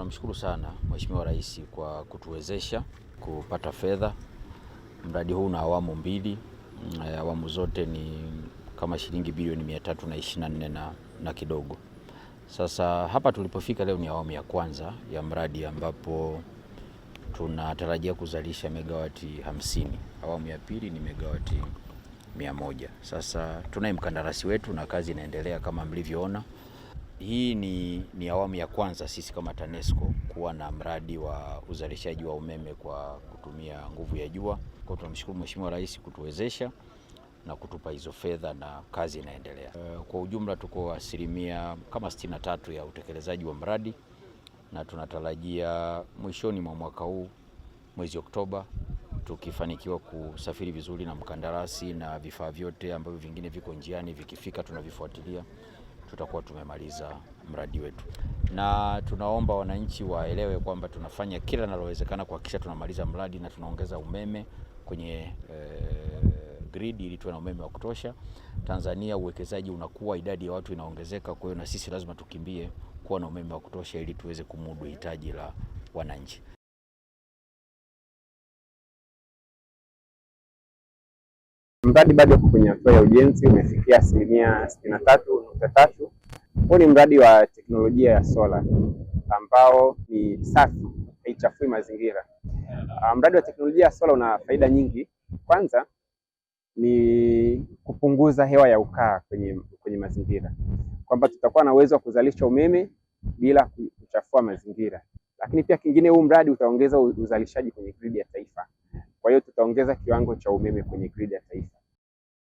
tunamshukuru sana Mheshimiwa Rais kwa kutuwezesha kupata fedha. Mradi huu una awamu mbili, eh, awamu zote ni kama shilingi bilioni mia tatu na ishirini na nne na, na kidogo. Sasa hapa tulipofika leo ni awamu ya kwanza ya mradi ambapo tunatarajia kuzalisha megawati hamsini. Awamu ya pili ni megawati mia moja. Sasa tunaye mkandarasi wetu na kazi inaendelea kama mlivyoona. Hii ni, ni awamu ya kwanza sisi kama TANESCO kuwa na mradi wa uzalishaji wa umeme kwa kutumia nguvu ya jua. Kwa tunamshukuru Mheshimiwa Rais kutuwezesha na kutupa hizo fedha na kazi inaendelea. Eh, kwa ujumla tuko asilimia kama tatu ya utekelezaji wa mradi na tunatarajia mwishoni mwa mwaka huu mwezi Oktoba tukifanikiwa kusafiri vizuri na mkandarasi na vifaa vyote ambavyo vingine viko njiani vikifika tunavifuatilia tutakuwa tumemaliza mradi wetu, na tunaomba wananchi waelewe kwamba tunafanya kila linalowezekana kuhakikisha tunamaliza mradi na tunaongeza umeme kwenye e, grid ili tuwe na umeme wa kutosha. Tanzania uwekezaji unakuwa, idadi ya watu inaongezeka, kwa hiyo na sisi lazima tukimbie kuwa na umeme wa kutosha ili tuweze kumudu hitaji la wananchi. Mradi bado uko kwenye hatua ya ujenzi, umefikia asilimia sitini na tatu nukta tatu. Huu ni mradi wa teknolojia ya sola ambao ni safi, haichafui mazingira. Ah, mradi wa teknolojia ya sola una faida nyingi. Kwanza ni kupunguza hewa ya ukaa kwenye, kwenye mazingira, kwamba tutakuwa na uwezo wa kuzalisha umeme bila kuchafua mazingira. Lakini pia kingine, huu mradi utaongeza uzalishaji kwenye gridi ya taifa. Kwa hiyo tutaongeza kiwango cha umeme kwenye gridi ya taifa.